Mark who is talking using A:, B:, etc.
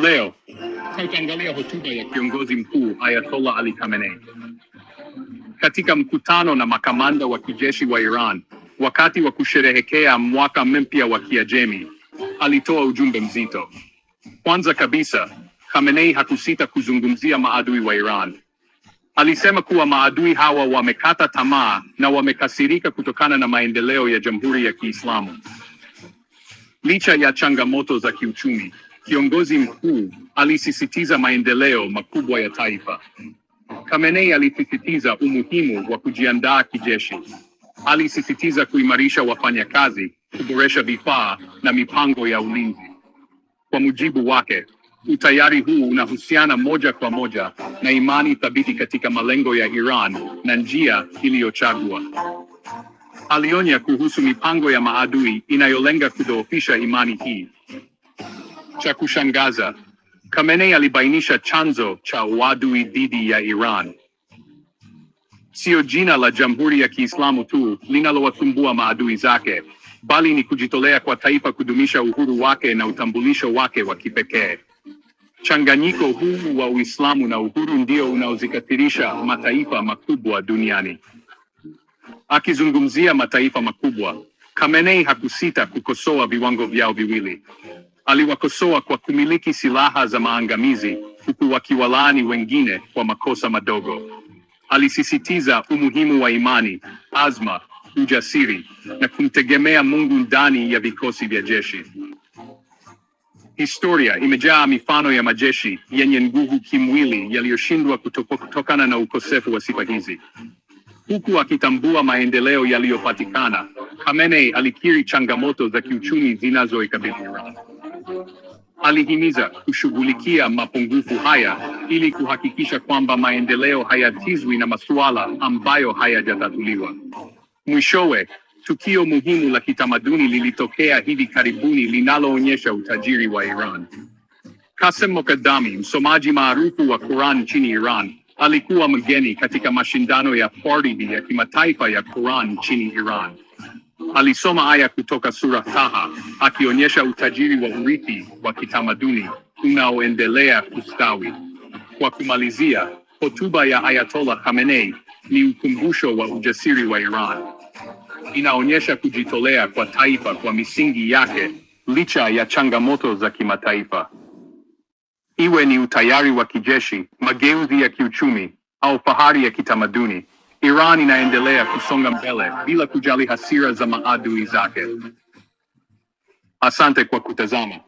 A: Leo tutaangalia hotuba ya kiongozi mkuu Ayatollah Ali Khamenei katika mkutano na makamanda wa kijeshi wa Iran wakati wa kusherehekea mwaka mpya wa Kiajemi. Alitoa ujumbe mzito. Kwanza kabisa, Khamenei hakusita kuzungumzia maadui wa Iran. Alisema kuwa maadui hawa wamekata tamaa na wamekasirika kutokana na maendeleo ya Jamhuri ya Kiislamu licha ya changamoto za kiuchumi. Kiongozi mkuu alisisitiza maendeleo makubwa ya taifa. kamenei alisisitiza umuhimu wa kujiandaa kijeshi. Alisisitiza kuimarisha wafanyakazi, kuboresha vifaa na mipango ya ulinzi. Kwa mujibu wake, utayari huu unahusiana moja kwa moja na imani thabiti katika malengo ya Iran na njia iliyochagua. Alionya kuhusu mipango ya maadui inayolenga kudhoofisha imani hii cha kushangaza, Khamenei alibainisha chanzo cha uadui dhidi ya Iran. Siyo jina la Jamhuri ya Kiislamu tu linalowasumbua maadui zake, bali ni kujitolea kwa taifa kudumisha uhuru wake na utambulisho wake wa kipekee. Changanyiko huu wa Uislamu na uhuru ndio unaozikathirisha mataifa makubwa duniani. Akizungumzia mataifa makubwa, Khamenei hakusita kukosoa viwango vyao viwili aliwakosoa kwa kumiliki silaha za maangamizi huku wakiwalaani wengine kwa makosa madogo. Alisisitiza umuhimu wa imani, azma, ujasiri na kumtegemea Mungu ndani ya vikosi vya jeshi. Historia imejaa mifano ya majeshi yenye nguvu kimwili yaliyoshindwa kutokana na ukosefu wa sifa hizi. Huku akitambua maendeleo yaliyopatikana, Khamenei alikiri changamoto za kiuchumi zinazoikabili Iran. Alihimiza kushughulikia mapungufu haya ili kuhakikisha kwamba maendeleo hayatizwi na masuala ambayo hayajatatuliwa. Mwishowe, tukio muhimu la kitamaduni lilitokea hivi karibuni linaloonyesha utajiri wa Iran. Kasem Mokadami, msomaji maarufu wa Quran nchini Iran, alikuwa mgeni katika mashindano ya Faridi ya kimataifa ya Quran nchini Iran. Alisoma aya kutoka sura Taha akionyesha utajiri wa urithi wa kitamaduni unaoendelea kustawi. Kwa kumalizia, hotuba ya Ayatollah Khamenei ni ukumbusho wa ujasiri wa Iran. Inaonyesha kujitolea kwa taifa kwa misingi yake licha ya changamoto za kimataifa. Iwe ni utayari wa kijeshi, mageuzi ya kiuchumi au fahari ya kitamaduni, Iran inaendelea kusonga mbele bila kujali hasira za maadui zake. Asante kwa kutazama.